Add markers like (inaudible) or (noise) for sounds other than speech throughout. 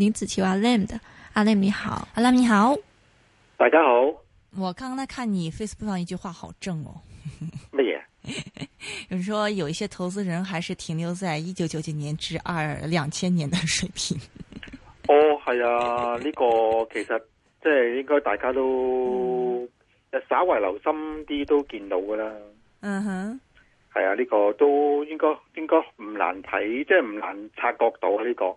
林子球阿 lem 的阿 lem 你好，阿 lem 你好，大家好。我剛剛睇看你 Facebook 上一句話好正哦。乜嘢麼？有 (laughs) 說有一些投資人還是停留在一九九幾年至二兩千年的水平。哦，係啊，呢 (laughs) 個其實即係、就是、應該大家都、嗯、稍為留心啲都見到噶啦。嗯哼，係啊，呢、這個都應該應該唔難睇，即係唔難察覺到呢、這個。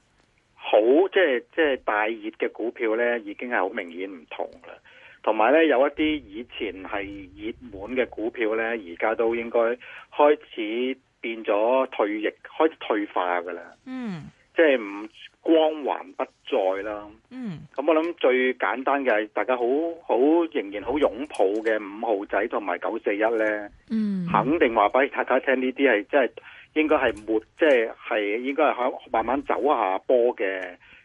好即係即係大熱嘅股票呢已經係好明顯唔同啦。同埋呢，有一啲以前係熱門嘅股票呢，而家都應該開始變咗退役，開始退化㗎啦。嗯，即係唔光環不再啦。嗯，咁我諗最簡單嘅大家好好仍然好擁抱嘅五號仔同埋九四一呢，嗯，肯定話俾大家聽，呢啲係真係。應該係沒即係係應該係慢慢走下坡嘅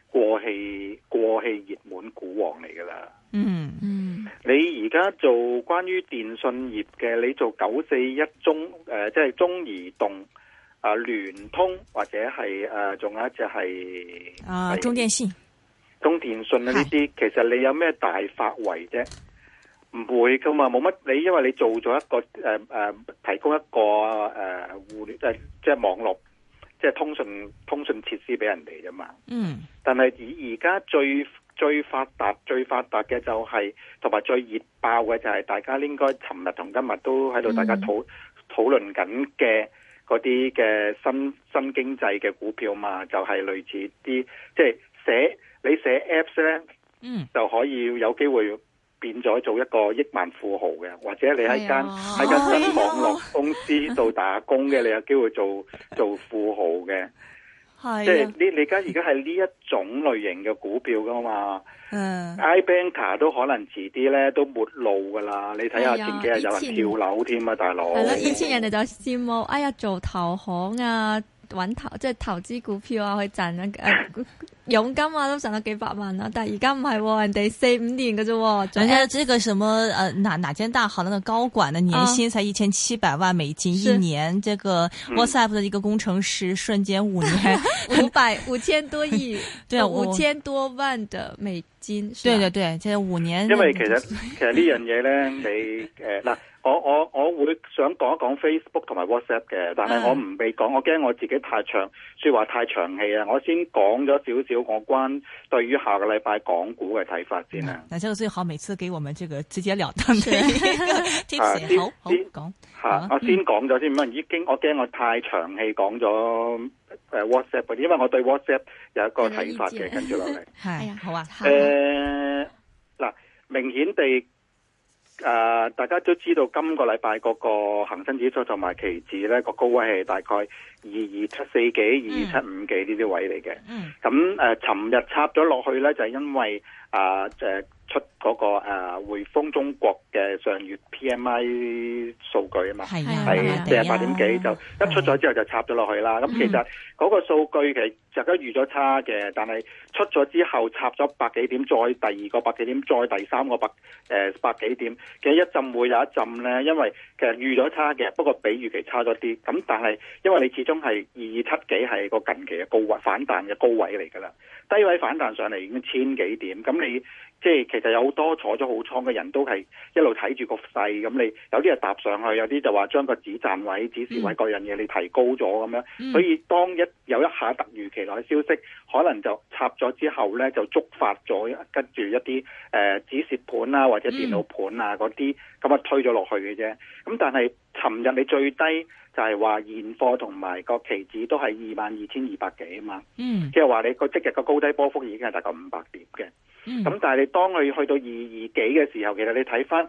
過氣過氣熱門股王嚟㗎喇。嗯嗯，你而家做關於電信業嘅，你做九四一中誒，即、呃、係、就是、中移動啊、聯通或者係誒，仲、呃、有一隻係啊，中電信、中電信啊呢啲，是其實你有咩大發圍啫？唔會㗎嘛，冇乜你，因為你做咗一個誒誒、呃呃，提供一個誒互聯即係網絡，即係通訊通訊設施俾人哋啫嘛。嗯。但係以而家最最發達最發達嘅就係、是，同埋最熱爆嘅就係、是，大家應該尋日同今日都喺度、嗯、大家討討論緊嘅嗰啲嘅新新經濟嘅股票嘛，就係、是、類似啲即係寫你寫 apps 咧，嗯，就可以有機會。變咗做一個億萬富豪嘅，或者你喺間喺間新網絡公司度打工嘅，是啊、你有機會做 (laughs) 做富豪嘅。係、啊，即係呢？你而家而家係呢一種類型嘅股票噶嘛？嗯、啊、iBanker 都可能遲啲咧，都沒路噶啦。你睇下前幾日有人跳樓添啊！大佬係咯，以前，哥以前人哋就羨慕哎呀做投行啊，揾投即係投資股票啊，去賺一、啊 (laughs) 佣金啊，都賺咗幾百萬啦，但係而家唔係，人哋四五年嘅啫。人家、哦啊、這個什麼，呃哪哪間大行嘅高管的年薪才一千七百萬美金一年，是這個 WhatsApp 的一個工程師，瞬間五年、嗯、 (laughs) 五百五千多億， (laughs) 對啊五、哦，五千多萬的美金，對對對，即係五年。因為其實其實這樣呢樣嘢咧， (laughs) 你誒嗱。呃我我我會想講一講 Facebook 同埋 WhatsApp 嘅，但係我唔畀講，我驚我自己太長說話太長氣啊！我先講咗少少我關對於下個禮拜港股嘅睇法先啊。嗱，就最好每次給我們這個直截了當的貼士，好好講。吓，我先講咗先，因為已經我驚我太長氣講咗誒 WhatsApp 因為我對 WhatsApp 有一個睇法嘅，跟住落嚟係啊，好啊。誒，嗱，明顯地。誒、呃，大家都知道今個禮拜嗰個恒生指數同埋期指咧個高位係大概二二七四幾、二二七五幾呢啲位嚟嘅，嗯。嗯，咁誒，尋、呃、日插咗落去咧，就係、是、因為啊，誒、呃。呃出嗰、那個誒匯豐中國嘅上月 PMI 數據啊嘛，係四十八點幾、啊、就一出咗之後就插咗落去啦。咁、啊、其實嗰個數據其實而家預咗差嘅，嗯、但係出咗之後插咗百幾點，再第二個百幾點，再第三個百誒、呃、百幾點，其實一浸會有一浸咧，因為其實預咗差嘅，不過比預期差咗啲。咁但係因為你始終係二二七幾係個近期嘅高位反彈嘅高位嚟㗎啦，低位反彈上嚟已經千幾點，咁你。即係其實有好多坐咗好倉嘅人都係一路睇住個勢，咁你有啲就搭上去，有啲就話將個止賺位、止蝕位各樣嘢你提高咗咁樣，嗯、所以當一有一下突如其來嘅消息，可能就插咗之後咧就觸發咗跟住一啲誒止蝕盤啊或者電腦盤啊嗰啲，咁啊推咗落去嘅啫。咁但係尋日你最低就係話現貨同埋個期指都係二萬二千二百幾啊嘛，嗯、即係話你個即日個高低波幅已經係大概五百點嘅。咁、嗯、但係你當佢去到二二幾嘅時候，其實你睇翻，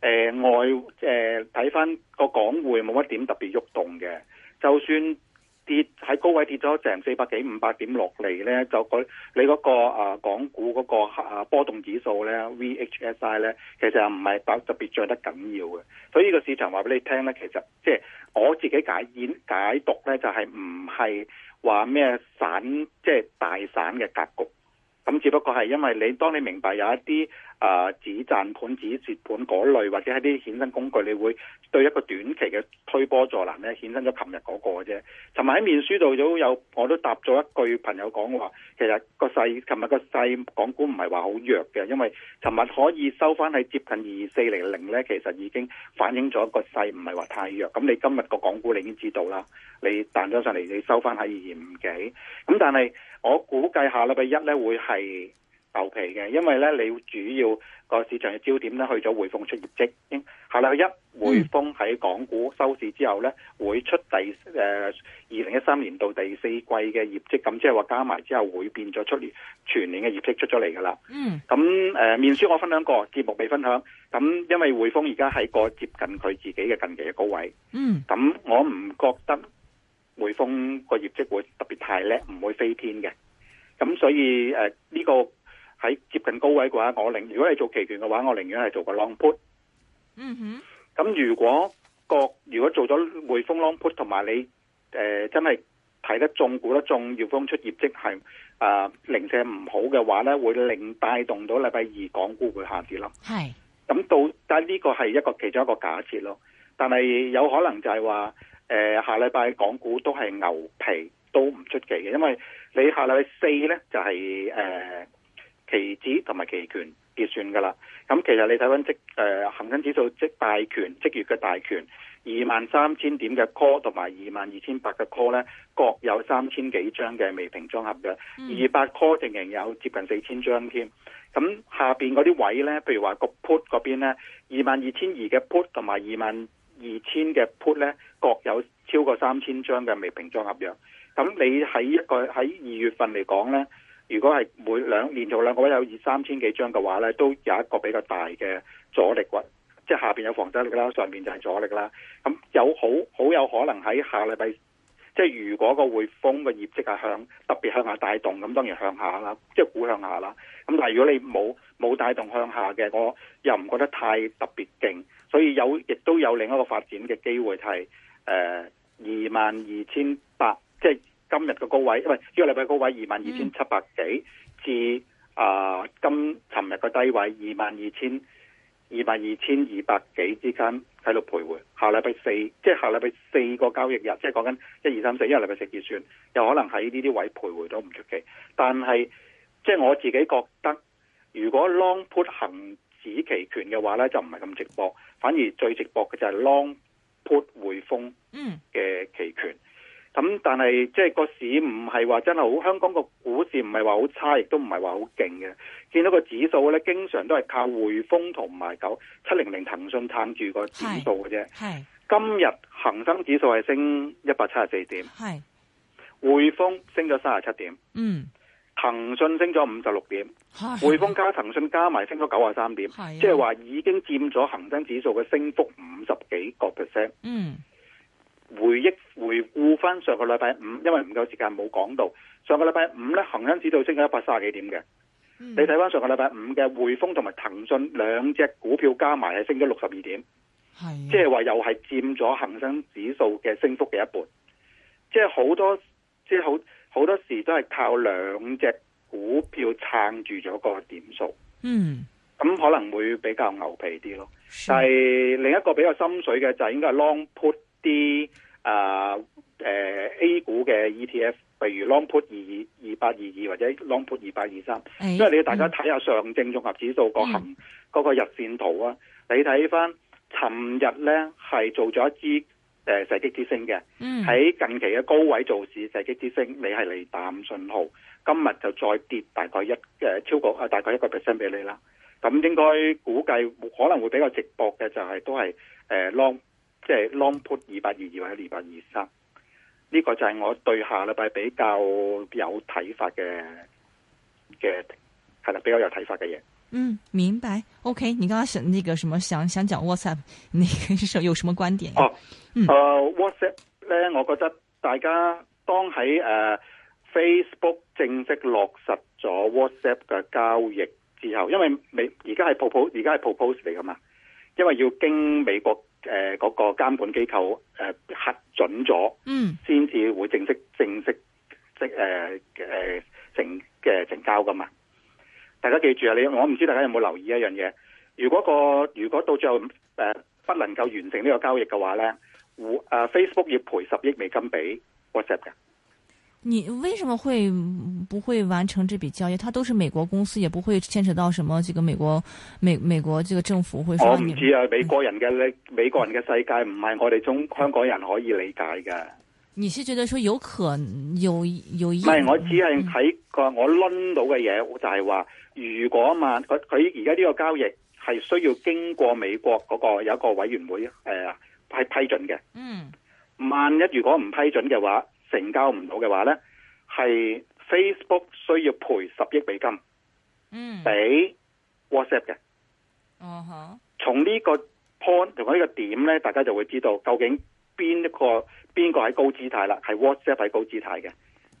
誒外，誒睇翻個港匯冇乜點特別喐動嘅，就算跌喺高位跌咗成四百幾五百點落嚟咧，就佢你嗰個啊港股嗰個啊波動指數咧 VHSI 咧，其實又唔係特別著得緊要嘅，所以呢個市場話俾你聽咧，其實即係、就是、我自己解解解讀咧，就係唔係話咩散即係、就是、大散嘅格局。咁只不過係因為你，當你明白有一啲。啊、呃！止賺盤、止蝕盤嗰類，或者係啲衍生工具，你會對一個短期嘅推波助瀾咧，衍生咗琴日嗰個啫。尋日喺面書度都有，我都答咗一句朋友講話，其實個勢，琴日個勢，港股唔係話好弱嘅，因為琴日可以收翻喺接近二四零零咧，其實已經反映咗個勢唔係話太弱。咁你今日個港股你已經知道啦，你彈咗上嚟，你收翻喺二五幾。咁但係我估計下禮拜一咧會係。牛皮嘅，因為咧你主要個市場嘅焦點咧去咗匯豐出業績。下禮拜一匯豐喺港股收市之後咧會出第誒二零一三年到第四季嘅業績，咁即係話加埋之後會變咗出年全年嘅業績出咗嚟噶啦。嗯，咁、呃、誒面書我分享過，節目未分享。咁因為匯豐而家喺個接近佢自己嘅近期嘅高位。嗯，咁我唔覺得匯豐個業績會特別太叻，唔會飛天嘅。咁所以誒呢、呃這個。喺接近高位嘅話，我寧如果係做期權嘅話，我寧願係做個 long put。嗯哼，咁如果個如果做咗匯豐 long put 同埋你誒、呃、真係睇得中估得中，匯豐出業績係啊、呃、零舍唔好嘅話咧，會令帶動到禮拜二港股會下跌咯。係是，咁到但係呢個係一個其中一個假設咯。但係有可能就係話誒下禮拜港股都係牛皮都唔出奇嘅，因為你下禮拜四咧就係、是、誒。呃期指同埋期權結算㗎喇，咁其實你睇返即誒恆生指數即大權即月嘅大權，二萬三千點嘅 call 同埋二萬二千八嘅 call 咧，各有三千幾張嘅未平倉合約，二百、嗯、call 仍然有接近四千張添。咁下邊嗰啲位咧，譬如話個 put 嗰邊咧，二萬二千二嘅 put 同埋二萬二千嘅 put 咧，各有超過三千張嘅未平倉合約。咁你喺一個喺二月份嚟講咧？如果係每兩年做兩個月有二三千幾張嘅話咧，都有一個比較大嘅阻力，或即係下邊有防得力，上面就阻力啦，上邊就係阻力啦。咁有好好有可能喺下禮拜，即係如果個匯豐嘅業績係向特別向下帶動咁，當然向下啦，即係股向下啦。咁但係如果你冇冇帶動向下嘅，我又唔覺得太特別勁，所以有亦都有另一個發展嘅機會係誒二萬二千八，呃、22, 800, 即係。今日嘅高位，因為呢個禮拜高位 22,，二萬二千七百幾至啊、呃，今尋日嘅低位二萬二千二萬二千二百幾之間喺度徘徊。下禮拜四，即係下禮拜四個交易日，即係講緊一二三四，因為禮拜四結算，有可能喺呢啲位徘徊都唔出奇。但係即係我自己覺得，如果 long put 恒指期權嘅話咧，就唔係咁值博，反而最值博嘅就係 long put 匯豐嗯嘅期權。Mm. 咁、嗯、但係即係個市唔係話真係好，香港個股市唔係話好差，亦都唔係話好勁嘅。見到個指數咧，經常都係靠匯豐同埋九七零零騰訊撐住個指數嘅啫。係今日恒生指數係升一百七十四點，係匯豐升咗三十七點，嗯，騰訊升咗五十六點，匯豐的加騰訊加埋升咗九十三點，即係話已經佔咗恒生指數嘅升幅五十幾個 percent，嗯。回憶回顧翻上個禮拜五，因為唔夠時間冇講到。上個禮拜五咧，恒生指數升咗一百三十幾點嘅。嗯、你睇翻上個禮拜五嘅匯豐同埋騰訊兩隻股票加埋係升咗六十二點，係即係話又係佔咗恒生指數嘅升幅嘅一半。即係好多即係好好多時都係靠兩隻股票撐住咗個點數。嗯，咁可能會比較牛皮啲咯。是但係另一個比較深水嘅就應該係 Long Put。啲啊，誒、啊、A 股嘅 ETF，譬如 Long Put 二二二八二二或者 Long Put 二八二三，因為你大家睇下上證綜合指數嗰個日線圖啊，哎、呀你睇翻，尋日咧係做咗一支射擊之星嘅，喺、嗯、近期嘅高位做市射擊之星，你係嚟淡信號，今日就再跌大概一超過啊大概一個 percent 俾你啦，咁應該估計可能會比較直搏嘅就係、是、都係 long。呃即係 Long Put 二百二二或者二百二三，呢個就係我對下禮拜比較有睇法嘅嘅係啦，比較有睇法嘅嘢。嗯，明白。OK，你剛剛想呢個什麼想想講 WhatsApp，你有什麼觀點、啊？哦，嗯、uh,，WhatsApp 咧，我覺得大家當喺誒、uh, Facebook 正式落實咗 WhatsApp 嘅交易之後，因為美而家係 proposal 而家係 proposal 嚟噶嘛，因為要經美國。誒，嗰、呃那個監管機構誒、呃、核准咗，嗯，先至會正式正式即係誒誒成嘅成交㗎嘛。大家記住啊，你我唔知大家有冇留意一樣嘢？如果個如果到最後誒不能夠完成呢個交易嘅話咧，誒、呃呃、Facebook 要賠十億美金俾 WhatsApp 嘅。你為什麼會不會完成這筆交易？它都是美國公司，也不會牽扯到什麼這個美國美美國這個政府會說。我唔知啊、嗯、美國人嘅，美國人嘅世界唔係我哋中香港人可以理解嘅。你是覺得說有可有有意？唔係，我只係睇個我輪到嘅嘢，就係話如果嘛佢佢而家呢個交易係需要經過美國嗰個有一個委員會啊係、呃、批准嘅。嗯，萬一如果唔批准嘅話。成交唔到嘅話咧，係 Facebook 需要賠十億美金，嗯，俾 WhatsApp 嘅，嗯哼，從呢個 point 同埋呢個點咧，大家就會知道究竟邊一個邊個喺高姿態啦，係 WhatsApp 喺高姿態嘅，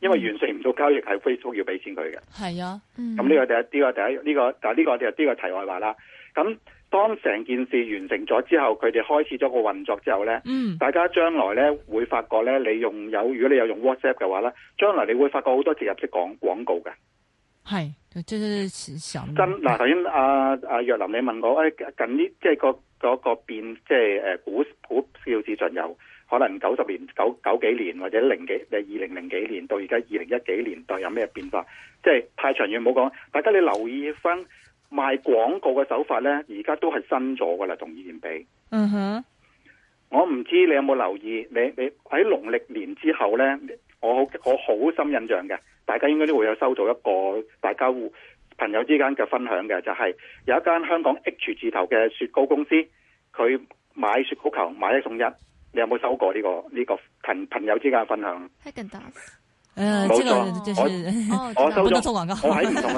因為完成唔到交易係 Facebook 要俾錢佢嘅，係啊，咁、嗯、呢個第一，呢個第一，呢個係呢個就係呢個題外話啦，咁。當成件事完成咗之後，佢哋開始咗個運作之後咧，嗯、大家將來呢會發覺呢，你用有如果你有用 WhatsApp 嘅話呢，將來你會發覺好多植入式廣廣告嘅，係即係真嗱。頭先阿阿若琳，你問我誒、啊，近呢即係個嗰個，個變，即係誒、啊、股股票市場有可能九十年九九幾年或者零幾誒二零零幾年到而家二零一幾年代有咩變化？即係太長遠，冇講。大家你留意翻。賣廣告嘅手法呢，而家都係新咗噶啦，同以前比。嗯哼，我唔知你有冇留意，你你喺農曆年之後呢，我我好深印象嘅，大家應該都會有收到一個大家朋友之間嘅分享嘅，就係、是、有一間香港 H 字頭嘅雪糕公司，佢買雪糕球買一送一，你有冇收過呢、呢個呢、呢個朋朋友之間嘅分享？誒冇錯，我、哦、我收咗，哦、我喺唔同。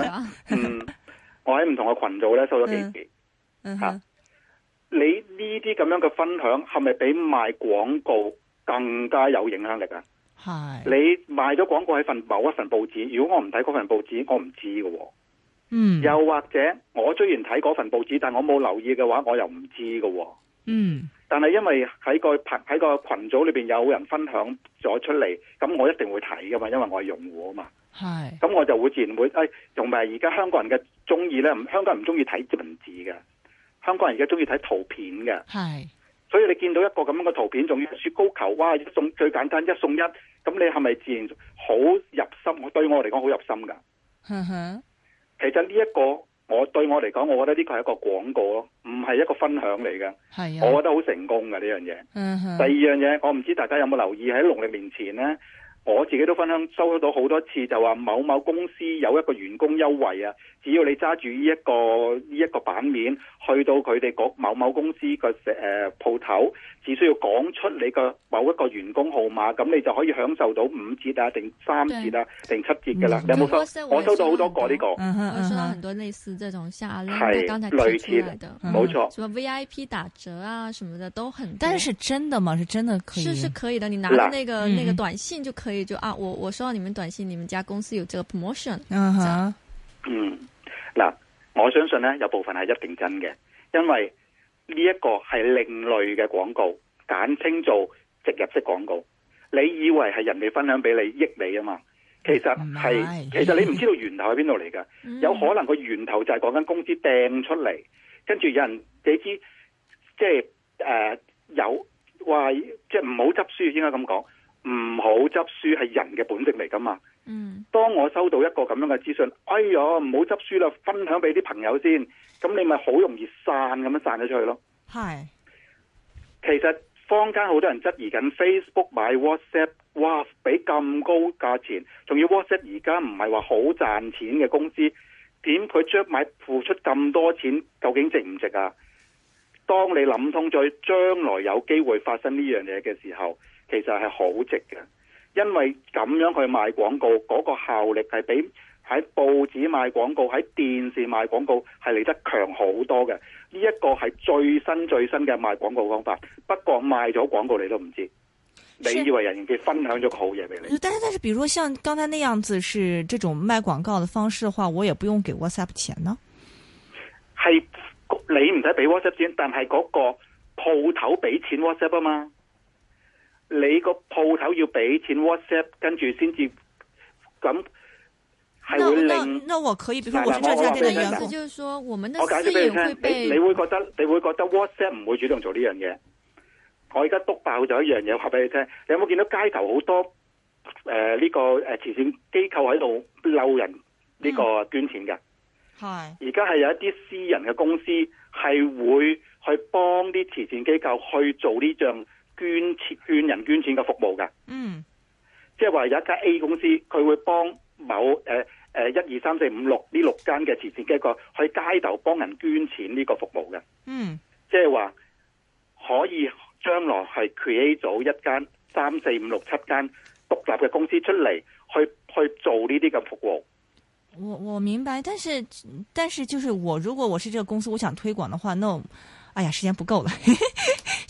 (laughs) 嗯 (laughs) 我喺唔同嘅群組咧，收咗幾次吓、uh huh. 啊。你呢啲咁樣嘅分享，係咪比賣廣告更加有影響力啊？係是。你賣咗廣告喺份某一份報紙，如果我唔睇嗰份報紙，我唔知㗎、哦。嗯。Mm. 又或者我雖然睇嗰份報紙，但我冇留意嘅話，我又唔知㗎、哦。嗯。Mm. 但係因為喺個群喺個群組裏邊有人分享咗出嚟，咁我一定會睇噶嘛，因為我係用戶啊嘛。係是。咁我就會自然會誒，仲唔係而家香港人嘅？中意咧，香港人唔中意睇文字嘅，香港人而家中意睇圖片嘅，係是，所以你見到一個咁樣嘅圖片，仲要雪糕球，哇，一送最簡單一送一，咁你係咪自然好入心？對我嚟講好入心噶哼、嗯、哼，其實呢、這、一個我對我嚟講，我覺得呢個係一個廣告咯，唔係一個分享嚟嘅。係啊，我覺得好成功嘅呢樣嘢。這個、嗯哼，第二樣嘢，我唔知大家有冇留意喺農曆年前咧。我自己都分享收到好多次，就話某某公司有一個員工優惠啊，只要你揸住呢一個呢一個版面，去到佢哋嗰某某公司個誒鋪頭，只需要講出你個某一個員工號碼，咁你就可以享受到五折啊，定三折啊，定七折噶啦。你有冇收？我收到好多個呢個。我收到很多類似這種，像阿林剛才提出來的，冇錯。什麼 VIP 打折啊，什麼的都很多。但是真的嗎？是真的可以？是，是可以的。你拿那個那個短信就可以。所以就啊，我我收到你們短信，你們家公司有這個 promotion，、uh huh. 嗯哼，嗯嗱，我相信咧有部分係一定真嘅，因為呢一個係另類嘅廣告，簡稱做植入式廣告。你以為係人哋分享俾你益你啊嘛？其實唔係， (laughs) 其實你唔知道源頭喺邊度嚟嘅， (laughs) 嗯、有可能個源頭就係講緊公司掟出嚟，跟住有人你知，即係誒、呃、有話即係唔好執輸，應該咁講。唔好執輸係人嘅本性嚟㗎嘛？嗯，當我收到一個咁樣嘅資訊，哎喲，唔好執輸啦，分享畀啲朋友先，咁你咪好容易散咁樣散咗出去咯。係是，其實坊間好多人質疑緊 Facebook 買 WhatsApp，哇，俾咁高價錢，仲要 WhatsApp 而家唔係話好賺錢嘅公司，點佢將買付出咁多錢，究竟值唔值啊？當你諗通咗將來有機會發生呢樣嘢嘅時候。其實係好值嘅，因為咁樣去賣廣告，嗰個效力係比喺報紙賣廣告、喺電視賣廣告係嚟得強好多嘅。呢一個係最新最新嘅賣廣告方法。不過賣咗廣告你都唔知，你以為人哋分享咗個好嘢俾你。但是，但是比如說像剛才那樣子，是這種賣廣告的方式嘅話，我也不用給 WhatsApp 錢呢？係你唔使俾 WhatsApp 錢，但係嗰個鋪頭畀錢 WhatsApp 啊嘛。你個鋪頭要畀錢 WhatsApp，跟住先至咁，係會令嗱嗱。嗱我可以，譬如說我做我，我，我，我解釋俾你聽，你會覺得，你會覺得 WhatsApp 唔會主動做呢樣嘢。我而家督爆咗一樣嘢，話俾你聽。你有冇見到街頭好多誒呢、呃這個誒慈善機構喺度嬲人呢個捐錢嘅？係、嗯。而家係有一啲私人嘅公司係會去幫啲慈善機構去做呢樣。捐錢、捐人、捐錢嘅服務嘅，嗯，即係話有一間 A 公司，佢會幫某誒誒一二三四五六呢六間嘅慈善機構喺街頭幫人捐錢呢個服務嘅，嗯，即係話可以將來係 create 咗一間三四五六七間獨立嘅公司出嚟，去去做呢啲嘅服務。我我明白，但是但是就是我如果我是呢個公司，我想推廣嘅話，那，哎呀，時間不夠了 (laughs)